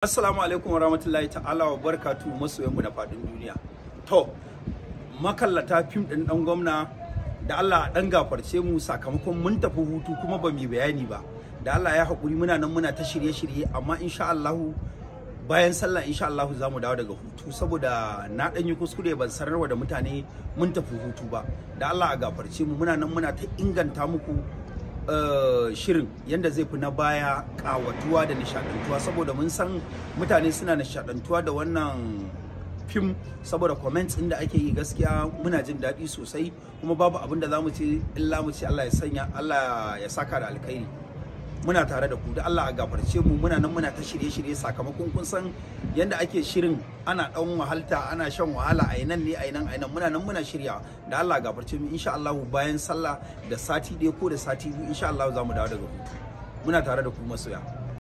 Assalamu alaikum warahmatullahi ta'ala wa barkatu mu na fadin duniya. To, makallata fim din dan gwamna da Allah ɗan gafarce mu sakamakon mun tafi hutu kuma ba mu bayani ba. Da Allah ya hakuri muna nan muna ta shirye-shirye amma insha Allah bayan sallah insha Allah za mu dawo daga hutu saboda na dan yi kuskure ban sanarwa da mutane mun tafi hutu ba. Da Allah a gafarce mu muna nan muna ta inganta muku eh, shirin yadda zai fi na baya kawatuwa da nishadantuwa saboda mun san mutane suna nishadantuwa da wannan fim saboda comments inda ake yi gaskiya muna jin daɗi sosai kuma babu abin da za mu ce illa mu ce Allah ya sanya Allah ya saka da alkhairi muna tare da ku da Allah a gafarce mu muna nan muna ta shirye-shirye sakamakon kun san yanda ake shirin ana dan wahalta ana shan wahala a nan ne a nan a nan muna nan muna shirya da Allah a gafarce mu insha Allah bayan sallah da sati ɗaya ko da sati biyu insha Allah za mu dawo daga ku muna tare da ku masoya